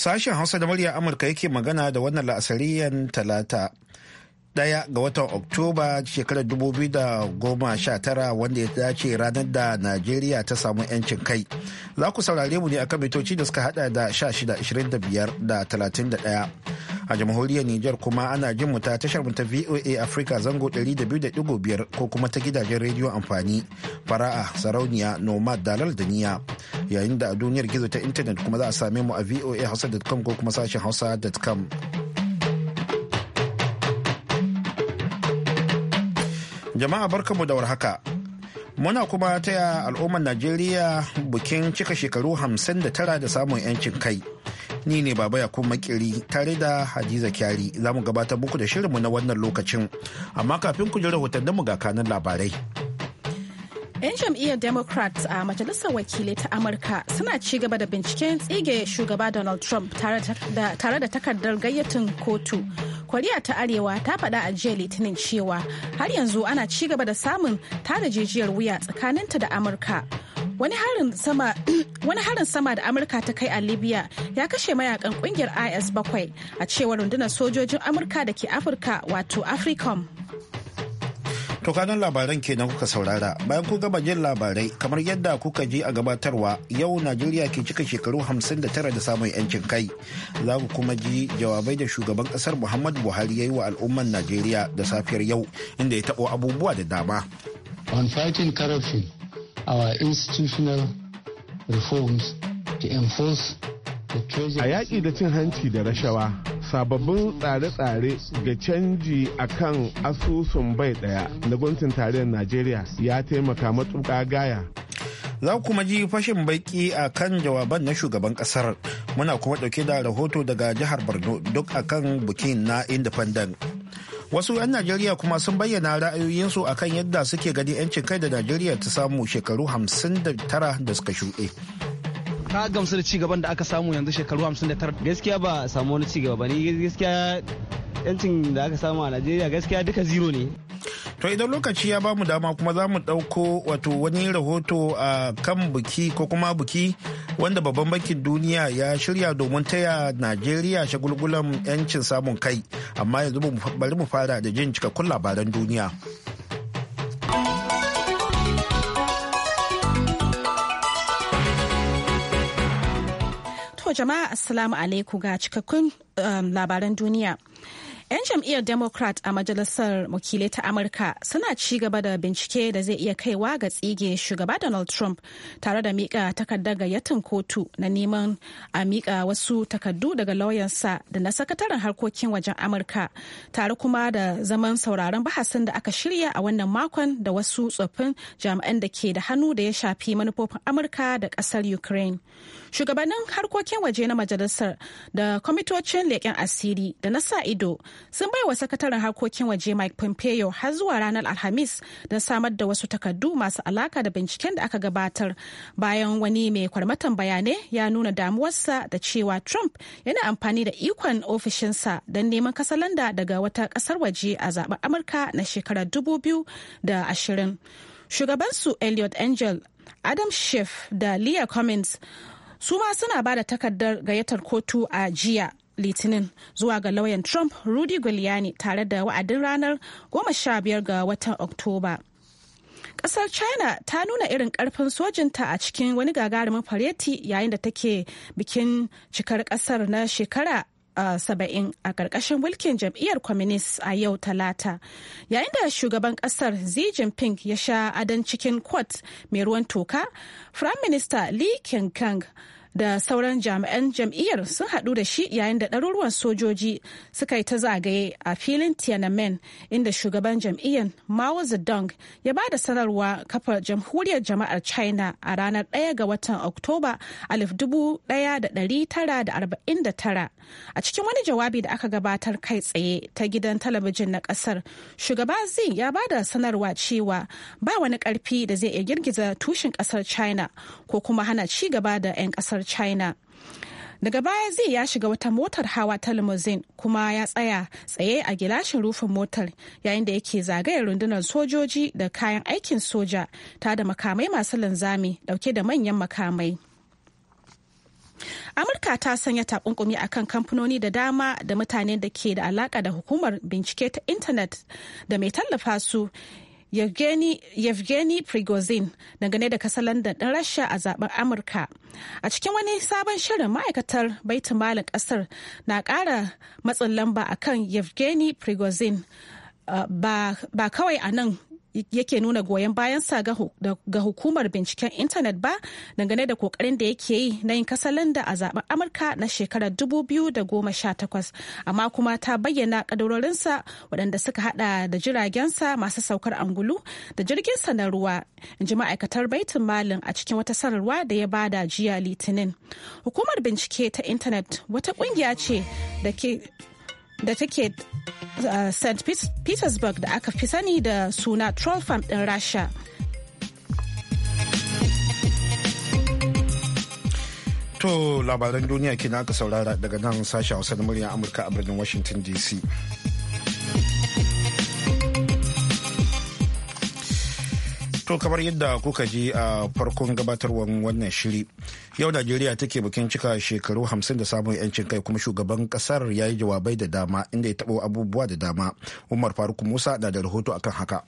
Sashen Hausa da murya Amurka yake magana da wannan la'asariyan talata. Daya ga watan Oktoba shekarar 2019 wanda ya dace ranar da Najeriya ta samu 'yancin kai. Za ku saurare mu ne akan mitoci da suka hada da 16, 25 da 31. a jamhuriyar Nijar kuma ana jin mu ta tashar mu ta VOA Africa zango 200.5 ko kuma ta gidajen rediyo amfani fara'a sarauniya nomad dalal da niya yayin da a duniyar gizo ta intanet kuma za a same mu a voa hausa.com ko kuma sashen hausa.com jama'a barkamu da warhaka muna kuma taya al'ummar najeriya bukin cika shekaru 59 da samun 'yancin kai ni ne baba yakub makiri tare da hadiza kyari za mu gabatar muku da shirinmu na wannan lokacin amma kafin ku ji rahotannin mu ga kanan labarai 'Yan jam'iyyar Democrat a Majalisar Wakilai ta Amurka suna ci gaba da binciken tsige shugaba Donald Trump tare da takardar gayyatin kotu. Koriya ta Arewa ta faɗa a jiya Litinin cewa har yanzu ana ci gaba da samun tada jijiyar wuya tsakaninta da Amurka. wani harin sama da amurka ta kai a libya ya kashe mayakan kungiyar is bakwai a cewar rundunar sojojin amurka da ke afirka wato africom to kanan labaran kenan kuka saurara bayan ku gaba jin labarai kamar yadda kuka ji a gabatarwa yau najeriya ke cika shekaru 59 da samun yancin kai za ku kuma ji jawabai da shugaban kasar muhammadu buhari ya yi wa al'umman najeriya da safiyar yau inda ya taɓo abubuwa da dama on fighting corruption our institutional reforms to enforce A yaƙi da cin hanci da rashawa, sababbin tsare-tsare ga canji a kan asusun bai ɗaya na gwamnatin tarayyar Najeriya ya taimaka matuƙa gaya. Za kuma ji fashin baiki a kan jawaban na shugaban ƙasar. Muna kuma ɗauke da rahoto daga jihar Borno duk akan bukin na Independent. wasu 'yan najeriya kuma sun bayyana ra'ayoyinsu akan yadda suke gani 'yancin kai da najeriya ta samu shekaru 59 da suka shuɗe ka gamsu da cigaban da aka samu yanzu shekaru 59 gaskiya ba samu wani cigaba ba ne. gaskiya yancin da aka samu a najeriya gaskiya duka zero ne To idan lokaci ya bamu dama kuma za mu ɗauko wato wani rahoto a kan buki ko kuma buki wanda babban bankin duniya ya shirya domin taya Najeriya shagulgulan 'yancin samun kai. Amma yanzu bari mu fara da jin cikakkun labaran duniya. To jama'a Assalamu alaikum ga cikakkun um, labaran duniya. 'Yan jam'iyyar Democrat a Majalisar Wakilai ta Amurka suna ci gaba da bincike da zai iya kaiwa ga tsige shugaba Donald Trump tare da mika takardar gayyatin kotu na neman a mika wasu takardu daga lauyansa da na sakataren harkokin wajen Amurka tare kuma da zaman sauraron bahasin da aka shirya a wannan makon da wasu tsoffin jami'an da ke da hannu da ya shafi manufofin Amurka da ƙasar Ukraine. shugabannin harkokin waje na majalisar da kwamitocin leƙen asiri da na sa ido sun bai wa sakataren harkokin waje mike pompeo har zuwa ranar alhamis don samar da wasu takardu masu alaka da binciken da aka gabatar bayan wani mai kwarmatan bayanai ya nuna damuwarsa da cewa trump yana amfani da ikon ofishinsa don neman kasalanda daga wata kasar waje a zaben amurka na shekarar dubu biyu da ashirin shugabansu elliot angel adam schiff da leah cummins su ma suna ba da takardar gayyatar kotu a jiya litinin zuwa ga lauyan trump rudy giuliani tare da wa'adin ranar 15 ga watan oktoba kasar china ta nuna irin karfin sojinta a cikin wani gagarumin fareti yayin da take bikin cikar kasar na shekara saba'in a ƙarƙashin mulkin jam'iyyar communist a yau talata yayin da shugaban ƙasar xi jinping ya sha adan cikin kwat mai ruwan toka prime minister li da sauran jami'an jam'iyyar sun hadu da shi yayin da ɗaruruwan sojoji suka yi ta zagaye a filin tiananmen inda shugaban jam'iyyar mao zedong ya ba da sanarwa kafa jamhuriyar jama'ar china a ranar 1 ga watan oktoba 1949 A cikin wani jawabi da aka gabatar kai tsaye ta gidan talabijin na kasar, shugaba zi ya ba da sanarwa cewa ba wani karfi da zai iya girgiza tushen kasar China ko kuma hana ci gaba da 'yan kasar China. daga baya zai ya shiga wata motar hawa ta limousine kuma ya tsaya tsaye a gilashin rufin motar yayin da yake zagayar rundunar sojoji da kayan aikin soja ta da makamai masu linzami dauke da manyan makamai amurka ta sanya takunkumi akan kamfanoni da dama da mutane da ke da alaka da hukumar bincike ta intanet da mai tallafa su yevgeni Yevgeny Prigozhin dangane da landan ɗin Rasha a zaben Amurka. A cikin wani sabon shirin ma'aikatar baitin malin ƙasar na ƙara matsin lamba akan yevgeni Prigozhin. Uh, ba kawai a nan yake nuna goyon bayansa ga hukumar binciken intanet ba dangane da kokarin da yake yi na yin da a zaben amurka na shekarar 2018 amma kuma ta bayyana sa waɗanda suka hada da jiragensa masu saukar angulu da jirginsa na ruwa in ji ma'aikatar baitin malin a cikin wata sanarwa da ya bada jiya litinin hukumar bincike ta intanet wata ƙungiya ce da ke da take uh, st petersburg da aka fi sani da suna troll farm din rasha to labaran duniya kina aka saurara daga nan sashen hausa na murya amurka a birnin washington dc To kamar yadda kuka ji a farkon gabatarwar wannan shiri, yau Najeriya take bikin cika shekaru hamsin da samun 'yancin kai kuma shugaban kasar ya yi jawabai da dama inda ya taɓo abubuwa da dama. Umar Faruk Musa na da rahoto akan haka.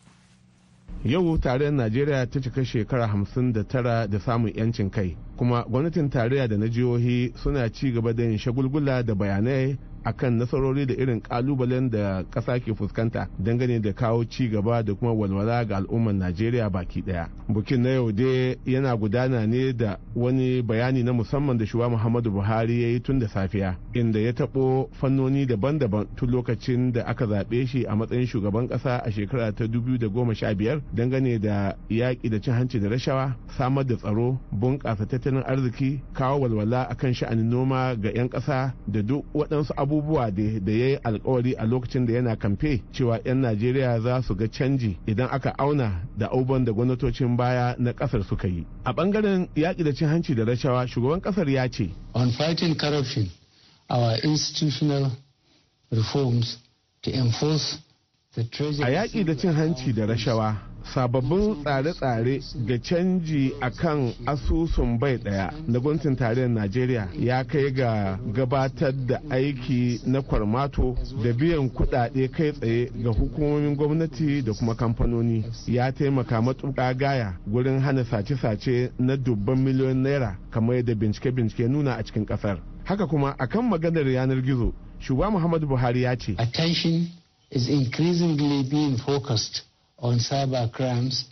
Yau tarayyar Najeriya ta cika shekara hamsin da tara da samun 'yancin kai, kuma gwamnatin tarayya da na jihohi suna ci gaba da yin shagulgula da bayanai akan nasarori da irin kalubalen da ƙasa ke fuskanta dangane da kawo ci gaba da kuma walwala ga al'ummar najeriya baki daya bukin na yau dai yana gudana ne da wani bayani na musamman da shuwa muhammadu buhari ya yi tun da safiya inda ya tabo fannoni daban-daban tun lokacin da aka zaɓe shi a matsayin shugaban ƙasa a shekara ta 2015 dangane da yaƙi da cin hanci da rashawa samar da tsaro bunƙasa tattalin arziki kawo walwala akan sha'anin noma ga 'yan ƙasa da duk waɗansu abubuwa abubuwa da ya yi alkawari a lokacin da yana kamfe cewa 'yan najeriya za su ga canji idan aka auna da auban da gwamnatocin baya na kasar suka yi a bangaren yaƙi da cin hanci da rashawa shugaban kasar ya ce on fighting corruption our institutional reforms to enforce the treasury a yaƙi da cin hanci da rashawa sababbin tsare-tsare ga canji a kan asusun bai daya na guntun tarihin najeriya ya kai ga gabatar da aiki na kwarmato da biyan kudade kai tsaye ga hukumomin gwamnati da kuma kamfanoni ya taimaka matuka gaya gurin hana sace-sace na dubban miliyon naira kamar yadda bincike-bincike nuna a cikin ƙasar haka kuma akan maganar yanar gizo shugaba muhammadu buhari ya ce attention is increasingly being focused on cyber crimes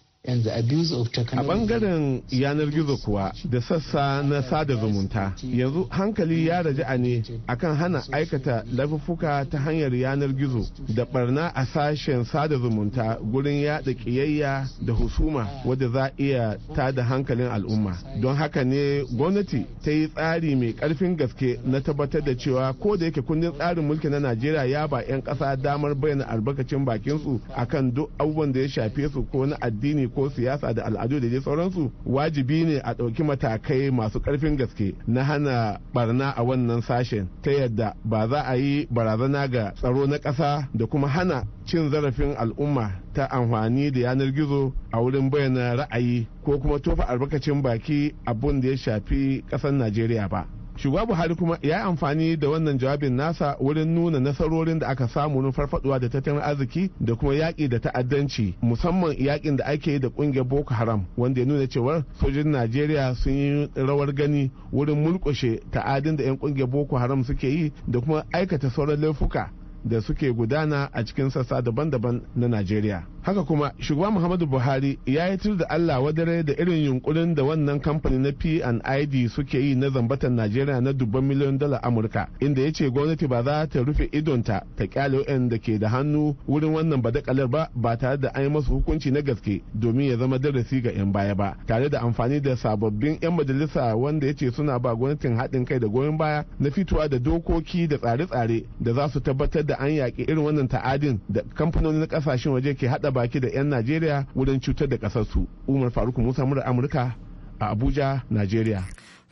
A bangaren yanar gizo kuwa da sassa na sada zumunta yanzu hankali ya raja'a ne akan hana aikata lafafuka ta hanyar yanar gizo da barna a sashen sada zumunta gurin yada ƙiyayya da husuma wadda za iya ta da hankalin al'umma. Don haka ne gwamnati ta yi tsari mai ƙarfin gaske na tabbatar da cewa ko da yake kundin tsarin mulki na Najeriya ya ba 'yan ƙasa damar bayyana albarkacin bakinsu akan duk abubuwan da ya shafe su ko na addini ko siyasa da al'adu da dai sauransu wajibi ne a ɗauki matakai masu ƙarfin gaske na hana barna a wannan sashen ta yadda ba za a yi barazana ga tsaro na ƙasa da kuma hana cin zarafin al'umma ta amfani da yanar gizo a wurin bayyana ra'ayi ko kuma tofa albarkacin baki abun da ya shafi ƙasar najeriya ba shugaba buhari kuma ya yi amfani da wannan jawabin nasa wurin nuna nasarorin da aka samu wurin farfaduwa da tattalin arziki da kuma yaƙi da ta'addanci musamman yaƙin da ake yi da ƙungiyar boko haram wanda ya nuna cewar sojin najeriya sun yi rawar gani wurin mulkushe ta'adin da 'yan ƙungiyar boko haram suke yi da kuma aikata sauran laifuka da suke gudana a cikin sassa daban-daban na Najeriya. Haka kuma shugaban Muhammadu Buhari ya yi tur da Allah wadare da irin yunkurin da wannan kamfani na P&ID suke yi na zambatan Najeriya na dubban miliyon dala Amurka inda ya ce gwamnati ba za ta rufe idonta ta kyale yan da ke da hannu wurin wannan badakalar ba ba tare da an yi masu hukunci na gaske domin ya zama darasi ga 'yan baya ba tare da amfani da sababbin 'yan majalisa wanda ya ce suna ba gwamnatin haɗin kai da goyon baya na fitowa da dokoki da tsare-tsare da za su tabbatar da an yaƙi irin wannan ta'adin da kamfanoni na kasashen waje ke haɗa baki da 'yan najeriya wurin cutar da ƙasarsu umar faruk musa murar amurka a abuja najeriya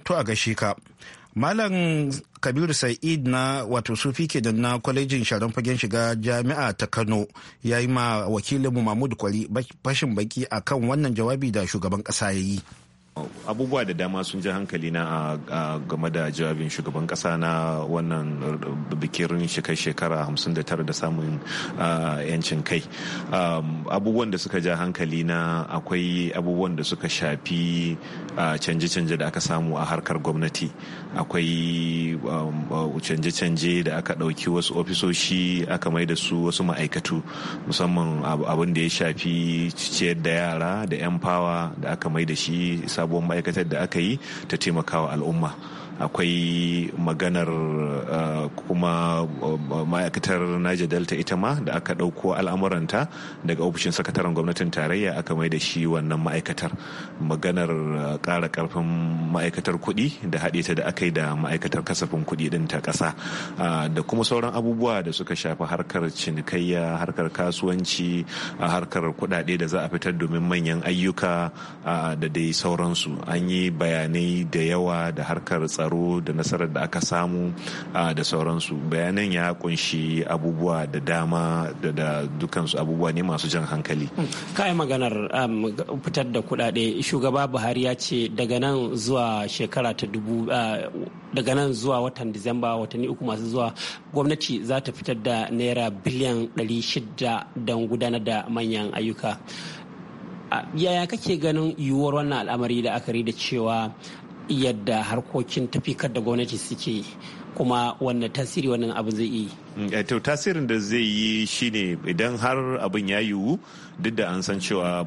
to a gashi ka malam kabiru sa'id na wato sufi ke da na kwalejin sharan fagen shiga jami'a ta kano ya yi ma wakilinmu mahmud kwari fashin baki akan wannan jawabi da shugaban ƙasa ya yi abubuwa da dama sun ji hankali na a game da jawabin shugaban kasa na wannan bikin shekai shekara 59 da samun yancin kai um, abubuwan da suka ja hankali na akwai abubuwan da suka shafi canje-canje da aka samu a harkar gwamnati akwai um, canje-canje da aka ɗauki wasu ofisoshi aka mai da su wasu ma'aikatu musamman abin da ya shafi ciyar da yara da 'yan fawa da aka mai da shi sabuwar ma'aikatar da aka yi ta taimakawa al'umma akwai maganar eh, kuma eh, ma'aikatar naja delta ita ma da aka ɗauko al'amuranta daga ofishin sakataren gwamnatin tarayya aka mai da shi wannan ma'aikatar maganar eh, ƙara ƙarfin ma'aikatar kuɗi da haɗe ta da aka yi da ma'aikatar kasafin kuɗi ɗin ta ƙasa da kuma sauran abubuwa da suka shafi harkar cinikayya harkar kasuwanci harkar kuɗaɗe da za a fitar domin manyan ayyuka da dai sauransu an yi bayanai da yawa da harkar tsaro taro da nasarar da aka samu da sauransu bayanan ya kunshi abubuwa da dama da dukansu abubuwa ne masu jan hankali kai maganar um, fitar da kuɗaɗe shugaba buhari ya ce daga nan zuwa shekara ta dubu daga nan zuwa watan disamba watanni uku masu zuwa gwamnati za ta fitar da naira biliyan 600 don gudanar da manyan ayyuka yaya kake ganin yiwuwar wannan al'amari da aka da cewa yadda harkokin tafikar da gwamnati suke kuma wannan tasiri wannan abu zai yi. Mm, eh, to tasirin da zai yi shine idan har abin ya yiwu duk da an san cewa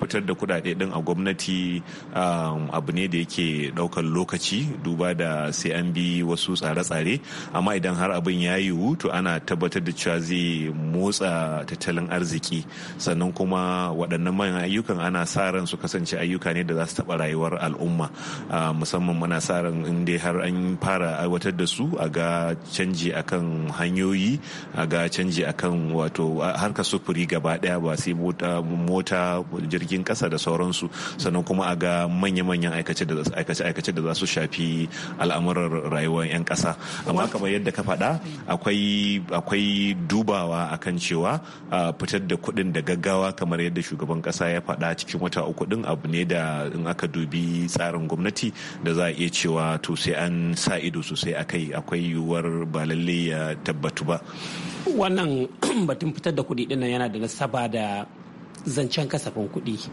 fitar da kudade din a gwamnati abu ne da yake daukar lokaci duba da sai an bi wasu tsare-tsare amma idan har abin ya yiwu to ana tabbatar da cewa zai motsa tattalin arziki sannan kuma waɗannan manyan ayyukan ana sa ran su kasance ayyuka ne da za su taɓa rayuwar al'umma musamman muna sa ran in dai har an fara aiwatar da su a ga canji akan hanyoyi a ga canji akan wato harkar sufuri gaba ɗaya ba sai mota jirgin kasa da sauransu sannan kuma a ga manya-manyan aikace-aikace da za su shafi al'amuran rayuwar 'yan kasa amma kamar yadda ka faɗa akwai dubawa a kan cewa fitar da kuɗin da gaggawa kamar yadda shugaban kasa ya faɗa cikin wata uku ɗin abu ne da in aka dubi tsarin gwamnati da za a iya cewa to sai an sa ido sosai akai akwai yiwuwar ba lalle ya tabbatu ba wannan batun fitar da kuɗi ɗin yana da nasaba da zancen kasafin kuɗi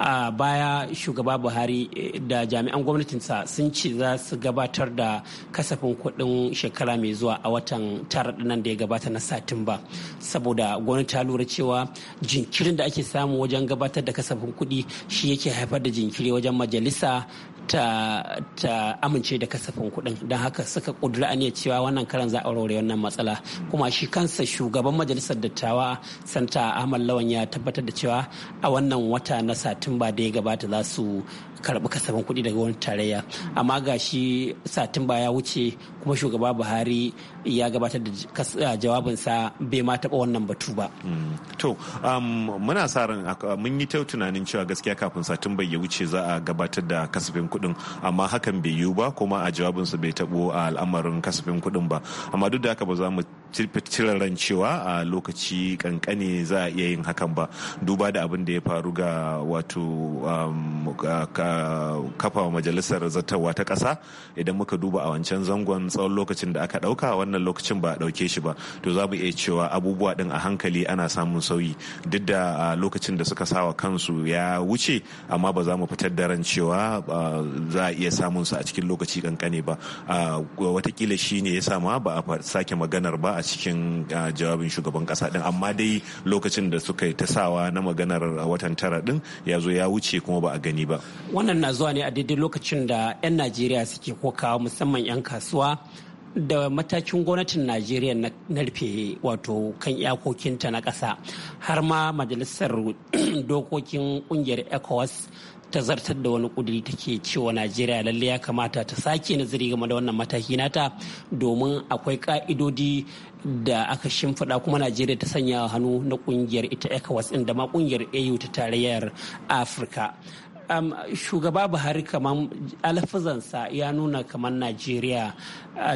a baya shugaba buhari eh, da jami'an gwamnatinsa sun ce za su gabatar da kasafin kuɗin shekara mai zuwa a watan tara nan da ya gabata na satumba saboda gwamnati ta lura cewa jinkirin da ake samu wajen gabatar da kasafin kuɗi shi yake haifar da jinkiri wajen majalisa ta, ta amince da kasafin kuɗin don haka suka ƙudura aniyar cewa wannan karan za a warware wannan matsala kuma shi kansa shugaban majalisar dattawa santa ahmad lawan ya tabbatar da cewa a wannan wata na satumba da ya gabata za su karɓi kasafin kuɗi daga wani tarayya amma ga shi satumba ya wuce kuma shugaba buhari ya gabatar da jawabinsa bai ma taba wannan batu ba. Mm. To, um, muna sa ran mun yi ta tunanin cewa gaskiya kafin satin bai wuce za a gabatar da kasafin kuɗin amma hakan bai yiwu ba kuma a jawabinsa bai taɓo a al'amarin kasafin kuɗin ba. Amma duk da haka ba za mu cire ran cewa a lokaci kankane za a iya yin hakan ba duba da abin da ya faru ga wato um, kafa majalisar zartarwa ta ƙasa idan muka duba a wancan zangon tsawon lokacin da aka ɗauka wannan lokacin ba a ɗauke shi ba to za mu iya cewa abubuwa ɗin a hankali ana samun sauyi duk da lokacin da suka sawa kansu ya wuce amma ba za mu fitar da ran cewa za a iya samun su a cikin lokaci kankane ba watakila shi ne ya sama ba a sake maganar ba a cikin jawabin shugaban kasa din amma dai lokacin da suka yi ta sawa na maganar watan tara din ya zo ya wuce kuma ba a gani ba wannan na zuwa ne a daidai lokacin da 'yan najeriya suke kokawa musamman 'yan kasuwa da matakin gwamnatin najeriya na rufe wato kan iyakokinta na ƙasa har ma majalisar dokokin ƙungiyar ecowas ta zartar da wani kudiri take cewa najeriya lalle ya kamata ta sake nazari game da wannan mataki nata domin akwai ka'idodi da aka shimfiɗa kuma najeriya ta sanya hannu na kungiyar ita ecowas inda ma kungiyar au ta tarayyar afirka um, shugaba buhari kamar alfazansa ya nuna kamar najeriya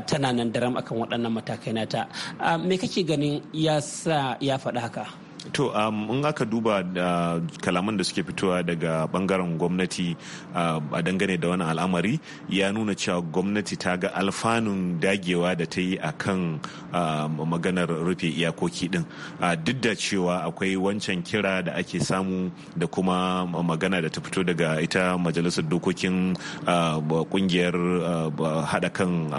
tana nan daram akan waɗannan matakai nata uh, me kake ganin ya sa ya faɗi haka To um, in aka duba da kalaman da suke fitowa daga bangaren gwamnati uh, a dangane da wani al'amari ya nuna cewa gwamnati ta ga alfanun dagewa da ta yi a kan um, maganar rufe iyakoki din uh, duk da cewa akwai wancan kira da ake samu da kuma magana da ta fito daga ita majalisar dokokin uh, kungiyar haɗa kan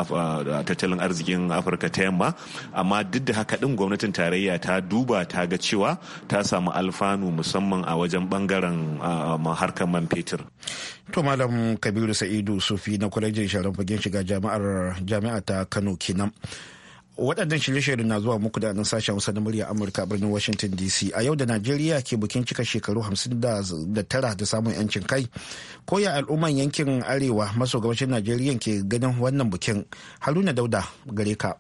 tattalin arzikin afirka ta yamma amma duk da haka din gwamnatin tarayya ta duba ta ga cewa ta samu alfanu musamman a wajen bangaren harkar man fetur. To Malam Kabiru Sa'idu Sufi na kwalejin sharan fagen shiga jami'ar jami'a ta Kano kenan. waɗannan shirye-shirye na zuwa muku da nan sashen hausa na murya amurka a birnin washington dc a yau da najeriya ke bukin cika shekaru 59 da samun yancin kai ko koya al'umman yankin arewa maso gabashin najeriya ke ganin wannan bukin haruna dauda gare ka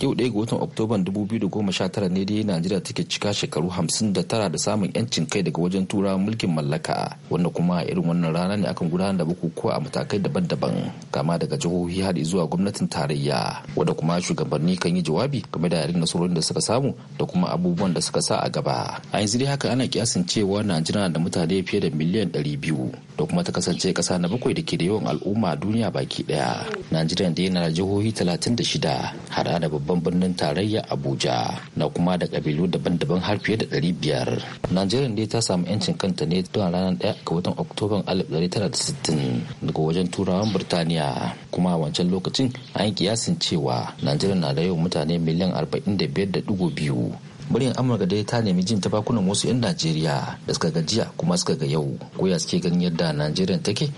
yau ɗaya ga watan oktoban 2019 ne dai najeriya take cika shekaru 59 da samun yancin kai daga wajen tura mulkin mallaka wanda kuma irin wannan rana ne akan gudanar da bukukuwa a matakai daban-daban kama daga jihohi har zuwa gwamnatin tarayya wanda kuma shugabanni kan yi jawabi game da irin nasarorin da suka samu da kuma abubuwan da suka sa a gaba a yanzu dai haka ana kiyasin cewa najeriya da mutane fiye da miliyan 200 da kuma ta kasance kasa na bakwai da ke da yawan al'umma duniya baki daya najeriya da yana da jihohi 36 hada da babban birnin tarayya abuja na kuma da kabilu daban-daban har fiye da ɗari biyar najeriya dai ta samu yancin kanta ne tun ranar 1 ga watan oktoban 1960 daga wajen turawan birtaniya kuma a wancan lokacin an kiyasin cewa najeriya na da yawan mutane miliyan 45.2 muryar amurka dai ta nemi jin tabakunan wasu 'yan najeriya da suka gajiya kuma suka ga yau goya suke ganin yadda najeriya take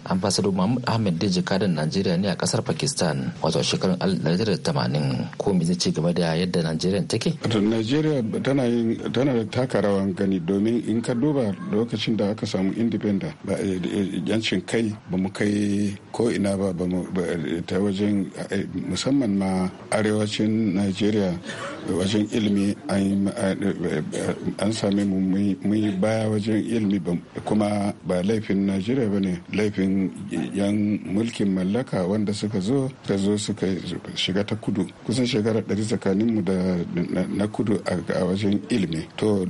do mahmud ahmed da jakadan najeriya ne a kasar pakistan wato shekarun 1980 ko me zai ce game da yadda najeriya take najeriya tana tana da taka rawan gani domin in ka duba lokacin da aka samu indipenda. ba eh, eh, yancin kai ba mu kai ko ina ba eh, ta wajen musamman ma arewacin najeriya wajen ilimi an sami mun yi baya wajen ilimi kuma ba laifin najeriya ba ne laifin yan mulkin mallaka wanda suka zo suka zo suka shiga ta kudu kusan shekara ɗari tsakaninmu da na kudu a wajen ilimi to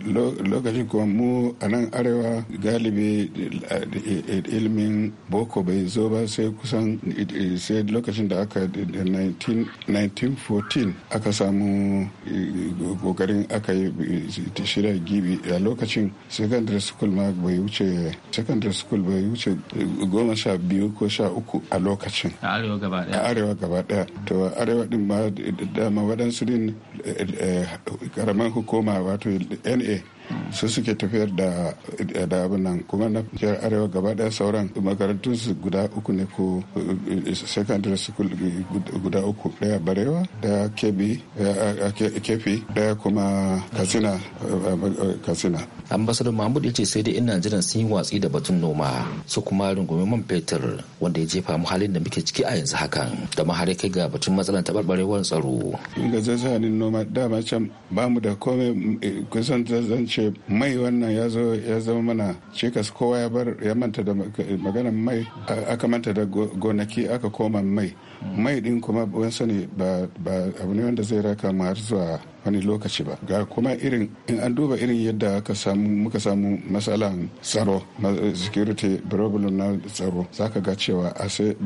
lokacin kuma mu a nan arewa galibi e, e, ilimin boko bai zo ba sai kusan e, sai lokacin da aka 1914 aka samu kokarin aka yi ta shirya gibi a lokacin secondary school ma bai wuce secondary school bai wuce goma sha biyu ko sha uku a lokacin a arewa gaba daya a arewa to arewa din ma dama waɗansu din karamar eh, eh, hukuma wato na su suke tafiyar da da nan kuma na jihar arewa gaba daya sauran makarantun su guda uku ne ko eh, secondary school guda uku daya barewa da kebi eh, eh, kefi daya kuma katsina katsina mahmud ya ce sai dai in najeriya sun yi watsi da batun noma su kuma rungumi man fetur wanda ya jefa mu halin da muke ciki a yanzu hakan da ma kai ga batun matsalar taɓarɓarewar tsaro. Inda zazzanin noma dama can da komai kusan ce mai wannan ya ya zama mana cikas kowa ya ya manta da maganar mai aka manta da gonaki aka koma mai mai din kuma ban sani ba abu ne wanda zai raka mu har zuwa wani lokaci ba ga kuma irin in an duba irin yadda aka samu muka samu matsalan tsaro security problem na tsaro zaka ga cewa a eh,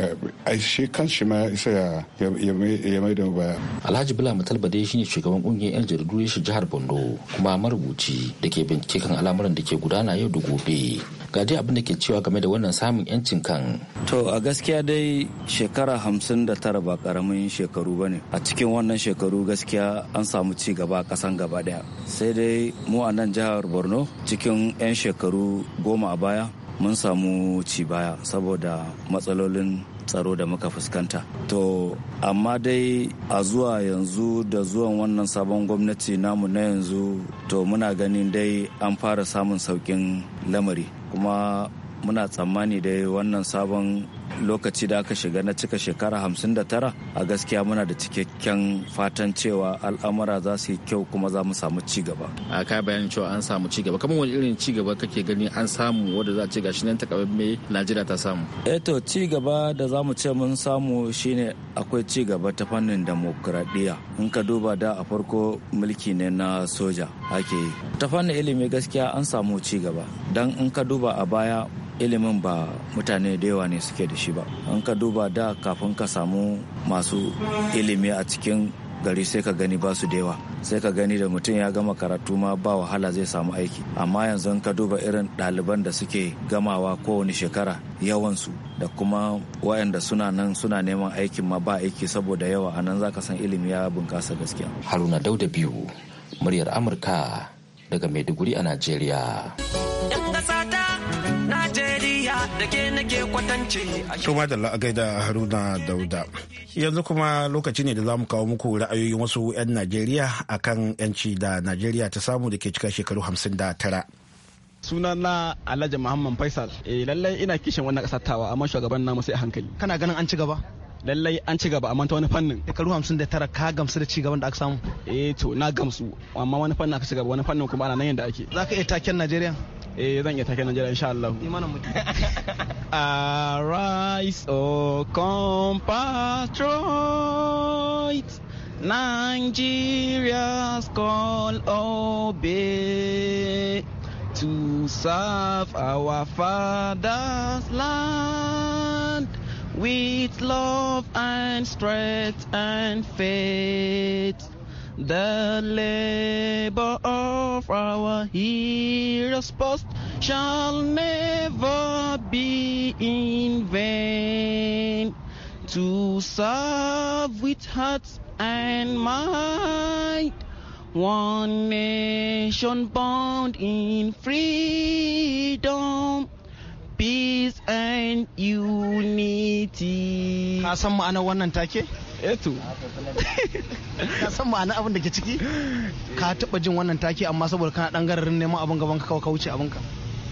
eh, eh, shi kan shi ma isa ya ya mai da baya alhaji mutalba dai shine shugaban kungiyar yan jaridu shi jihar bondo kuma marubuci da ke bincike kan al'amuran da ke gudana yau da gobe ga dai abin da ke cewa game da wannan samun yancin kan to a gaskiya dai shekara hamsin da tara ba karamin shekaru ba ne a cikin wannan shekaru gaskiya an samu ci gaba a kasan gaba daya sai dai mu a nan jihar borno cikin 'yan shekaru goma a baya mun samu ci baya saboda matsalolin tsaro da muka fuskanta. To, amma dai a zuwa yanzu da zuwan wannan sabon gwamnati namu na yanzu to muna ganin dai an fara samun sauƙin lamari. kuma muna tsammani da wannan sabon lokaci da aka shiga na cika shekara 59 a gaskiya muna da cikakken fatan cewa al'amura za su yi kyau kuma za mu samu ci gaba a kai bayan cewa an samu ci gaba kamar wani irin ci gaba kake gani an samu wanda za a ce gashi nan me najeriya ta samu eh to ci gaba da za mu ce mun samu shine akwai ci gaba ta fannin demokradiyya in ka duba da a farko mulki ne na soja ake yi ta fannin ilimi gaskiya an samu ci gaba don in ka duba a baya ilimin ba mutane da yawa ne suke da shi ba an ka duba da kafin ka samu masu ilimi a cikin gari sai ka gani ba su da yawa sai ka gani da mutum ya gama karatu ma ba wahala zai samu aiki amma yanzu ka duba irin ɗaliban da suke gamawa kowane shekara yawansu da kuma waɗanda suna nan suna neman aikin ma ba aiki saboda yawa a nan za ka san ilimi ya bunƙasa gaskiya haruna dauda biyu muryar amurka daga maiduguri a najeriya da ke nake kwatance to madalla a gaida haruna dauda yanzu kuma lokaci ne da za mu kawo muku ra'ayoyin wasu 'yan najeriya akan 'yanci da najeriya ta samu da ke cika shekaru 59 na alhaji muhammad faisal eh lallai ina kishin wannan kasar tawa amma shugaban namu sai hankali kana ganin an ci gaba lallai an ci gaba amma ta wani fannin shekaru hamsin da tara ka gamsu da ci gaban da aka samu eh to na gamsu amma wani fannin aka ci gaba wani fannin kuma ana nan yadda ake za ka iya taken najeriya eh zan yi take na insha Allah arise o compatriots Nigeria's call obey to serve our father's land with love and strength and faith. The labor of our heroes past shall never be in vain. To serve with heart and mind, one nation bound in freedom. peace and unity. Ka san ma'anar wannan take? eto eh ka san ma'ana abin da ke ciki ka taba jin wannan take amma saboda kana dan gararin neman abin gaban ka kawai ka wuce abin ka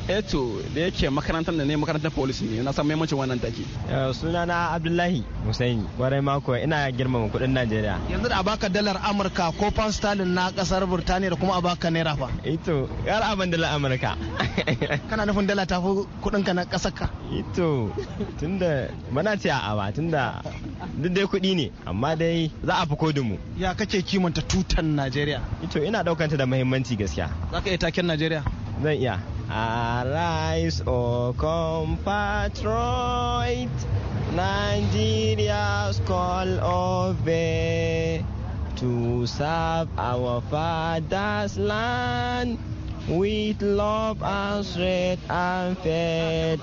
eto eh da yake makarantar da ne makarantar polisi ne na san maimacin wannan take eh, suna na abdullahi Musaini. kwarai mako ina girmama kudin najeriya yanzu da abaka dalar amurka ko pound sterling na kasar burtaniya da kuma abaka naira fa ito eh yar abin dalar amurka kana nufin dala ta fi kudin ka na kasar ka ito tunda mana ce a ba tunda duk dai kudi ne amma dai za a fi kodin mu ya kake kimanta tutan najeriya ito ina daukanta da muhimmanci gaskiya Zaka iya taken najeriya zan iya Arise, O compatriot, Nigeria's call over to serve our father's land with love and strength and faith.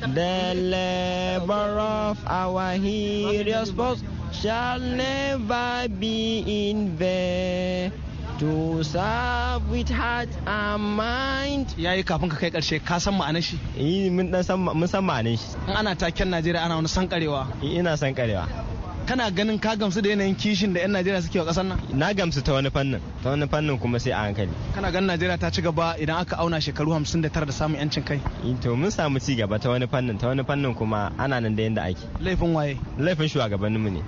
The labor of our heroes shall never be in vain. to serve with heart and mind Ya yi kafin ka kai karshe ka san ma'anar shi yi eh, mun san mun san ma'anar shi ana taken Najeriya ana wani sankarewa eh, ina sankarewa kana ganin ka gamsu da yanayin kishin da 'yan najeriya suke wa kasar nan na gamsu ta wani fannin ta wani fannin kuma sai a hankali kana ganin najeriya ta ci gaba idan aka auna shekaru 59 da samun yancin kai e, to mun samu ci gaba ta wani fannin ta wani fannin kuma ana nan da yanda ake laifin waye laifin mu ne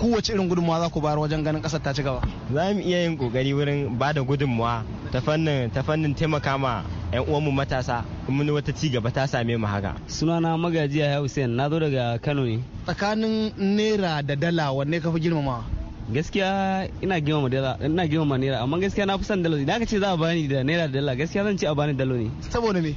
ku wace irin gudunmawa za ku bayar wajen ganin kasar ta ci gaba za mu iya yin kokari wurin ba da gudunmawa ta fannin ta fannin taimaka ma 'yan uwanmu matasa kuma wata ci gaba ta same mu haka sunana magajiya ya hussein na zo daga kano ne tsakanin naira da dala wanne ka fi girmama gaskiya ina girmama dala ina girmama naira amma gaskiya na fi son dala idan ka ce za a bani da naira da dala gaskiya zan ce a bani dala ne saboda me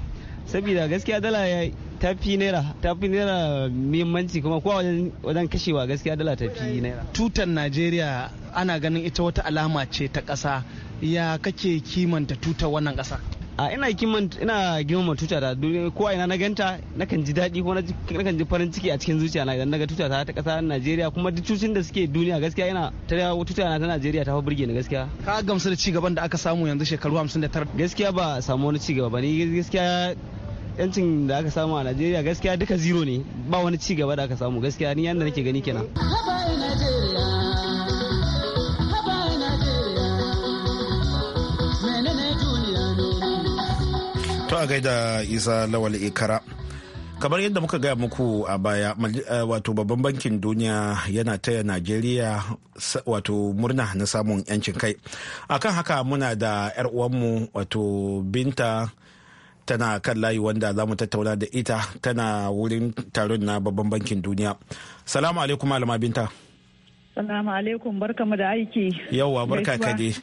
saboda gaskiya dala ya tafi naira tafi naira muhimmanci kuma kowa wajen kashewa gaskiya dala tafi naira tutan najeriya ana ganin ita wata alama ce ta ƙasa ya kake kimanta tutar wannan ƙasa a ina kiman ina ma tuta da duniya ko ina na ganta na kan ji daɗi ko na kan ji farin ciki a cikin zuciya na idan ga tuta ta ta ƙasar Najeriya kuma duk tutun da suke duniya gaskiya ina ta tuta na ta Najeriya ta fa burge ni gaskiya ka gamsu da cigaban da aka samu yanzu shekaru 59 gaskiya ba samu wani cigaba ba ni gaskiya yancin da aka samu a Najeriya gaskiya duka zero ne ba wani cigaba da aka samu gaskiya ni yanda nake gani kenan a gaida isa lawal ikara kamar yadda muka gaya muku a baya eh, wato babban bankin duniya yana taya najeriya wato murna na samun yancin kai akan haka muna da 'yar uwanmu wato binta tana kan layi wanda za mu tattauna da ita tana wurin taron na babban bankin duniya salamu alaikum alama binta Salamu alaikum barkamu da aiki. Yawwa barka ka dai.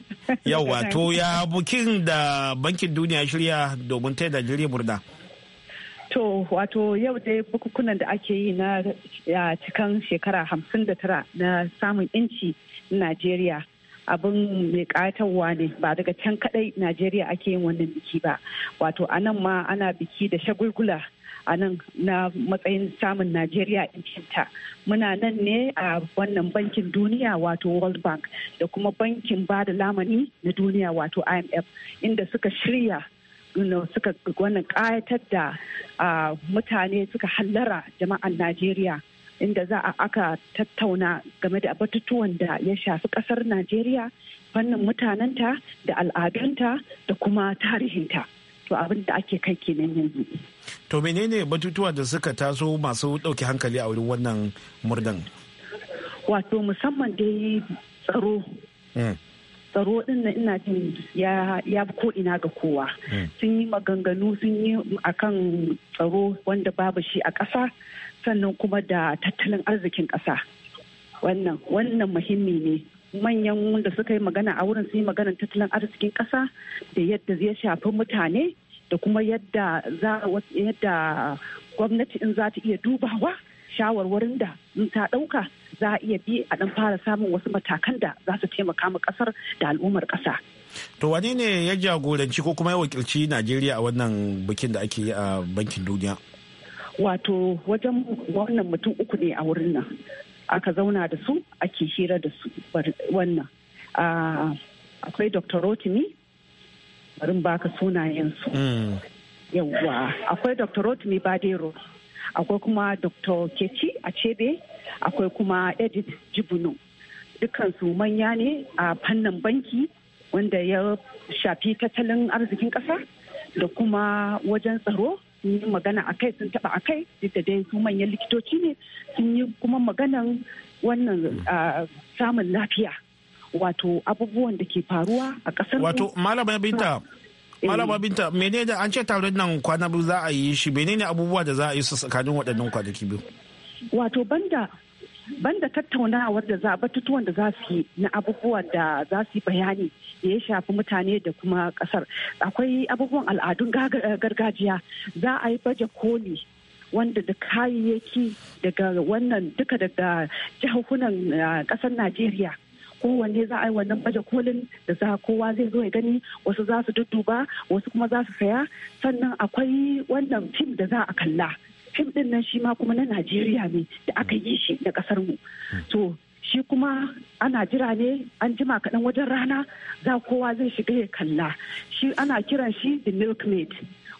Yawwa to ya bukin da bankin duniya shirya domin ta da jirgin murna. To wato yau dai bukukunan da ake yi na cikan shekara hamsin da tara na samun inci Najeriya. abin mai ƙayatarwa ne ba daga can kadai najeriya ake yin wannan biki ba wato a nan ma ana biki da shagulgula a nan na matsayin samun najeriya ta muna nan ne a wannan bankin duniya wato world bank da kuma bankin ba da lamani na duniya wato imf inda suka shirya suka wannan kayatar da mutane suka hallara jama'an najeriya inda za a aka tattauna game da batutuwan da ya shafi kasar najeriya fannin mutanenta da al'adunta da kuma tarihinta to abin da ake kai kenan yanzu to menene batutuwa da suka taso masu ɗauke hankali a wurin wannan murdan wato musamman dai tsaro mm. tsaro din na ina jin ya ya ko ina ga kowa mm. sun yi maganganu sun yi akan tsaro wanda babu shi a ƙasa sannan kuma da tattalin arzikin ƙasa wannan muhimmi ne manyan da suka yi magana a wurin sun yi maganar tattalin arzikin ƙasa da yadda zai shafi mutane da kuma yadda yadda gwamnati in za ta iya dubawa shawarwarin da in ta ɗauka za a iya bi a ɗan fara samun wasu matakan da za su taimaka ma ƙasar da al'ummar ƙasa. To wani ne ya jagoranci ko kuma ya wakilci Najeriya a wannan bikin da ake yi a bankin duniya? Wato wajen wannan mutum uku ne a wurin nan. aka zauna da su ake hira da su wannan ah, akwai dr rotimi barin baka sunayensu mm. yawwa akwai dr rotimi badero akwai kuma dr kechi cebe akwai kuma edith jibunu dukansu manya ne a fannin banki wanda ya shafi tattalin arzikin ƙasa da kuma wajen tsaro sun yi magana a kai sun taba a kai duk da dai su manyan likitoci ne sun yi kuma maganan wannan samun lafiya wato abubuwan da ke faruwa a kasar wato malama binta eh. malama binta menene an ce taron nan kwana biyu za a yi shi menene abubuwa da za a yi su tsakanin waɗannan kwanaki biyu wato banda banda tattaunawar da za batutuwan da za su yi na abubuwan da za su yi bayani da ya shafi mutane da kuma kasar akwai abubuwan al'adun gargajiya za a yi baje koli wanda da kayayyaki daga wannan duka daga jihohunan kasar najeriya kowanne za a yi wannan baje kolin da za kowa zai zo ya gani wasu za su dudduba wasu kuma za su saya sannan akwai wannan fim da za a kalla fim din nan shi ma kuma na najeriya ne da aka yi shi da kasar mu to shi kuma ana jira ne an jima kaɗan wajen rana za kowa zai shiga ya kalla shi ana kiran shi the milkmaid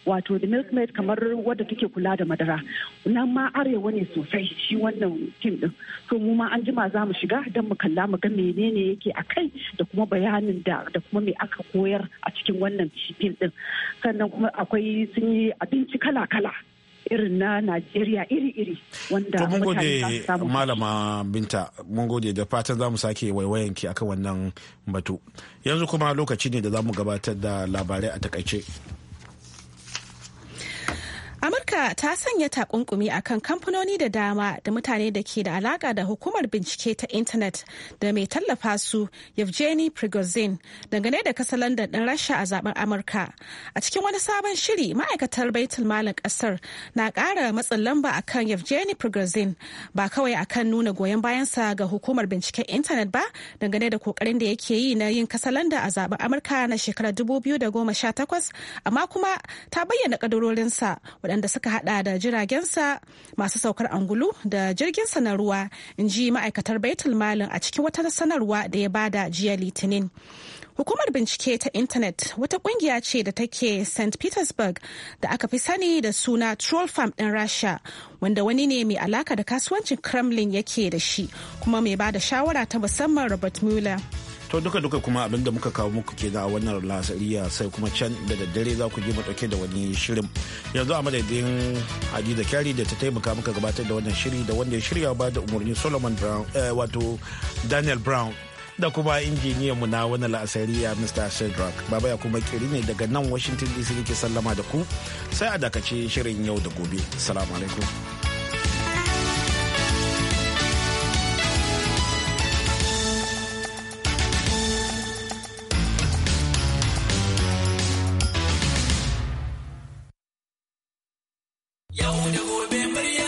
wato the milkmaid kamar wadda take kula da madara nan ma arewa ne sosai shi wannan fim din to mu ma an jima za mu shiga don mu kalla mu ga menene yake a kai da kuma bayanin da da kuma me aka koyar a cikin wannan fim din sannan kuma akwai sun yi abinci kala kala irin na Najeriya iri-iri wanda mun gode malama binta mun gode da fatan za mu sake waiwayan ki akan wannan batu yanzu kuma lokaci ne da zamu gabatar da labarai a takaice. Amurka ta sanya takunkumi a kan kamfanoni da dama da mutane da ke da alaka da hukumar bincike ta intanet da mai tallafa su Yevgeny Prigozhin dangane da kasar London ɗin Rasha a zaben Amurka. A cikin wani sabon shiri ma'aikatar baitul malin ƙasar na ƙara matsin lamba a kan Yevgeny Prigozhin ba kawai a kan nuna goyon bayansa ga hukumar binciken intanet ba dangane da kokarin da yake yi na yin kasar London a zaben Amurka na shekarar 2018 amma kuma ta bayyana ƙaddarorinsa. waɗanda suka hada da jiragensa masu saukar angulu da jirgin na ruwa in ji ma'aikatar baitul malin a cikin wata sanarwa da ya bada jiya litinin Hukumar bincike ta Intanet wata kungiya ce da take St. Petersburg da aka fi sani da suna Troll Farm ɗin Rasha wanda wani ne mai alaka da kasuwancin Kremlin yake da shi kuma mai ba da shawara ta musamman Robert muller. to duka duka kuma abin da muka kawo muku ke da wannan lasariya sai kuma can da daddare za ku je mu dauke da wani shirin yanzu a madadin hadiza kyari da ta taimaka muka gabatar da wannan shiri da wanda ya shirya ba da umarni solomon brown eh, wato daniel brown da kuma mu na wannan la'asariya mr cedric baba ya kuma kiri ne daga nan washington dc ke sallama da ku sai a dakace shirin yau da gobe salamu alaikum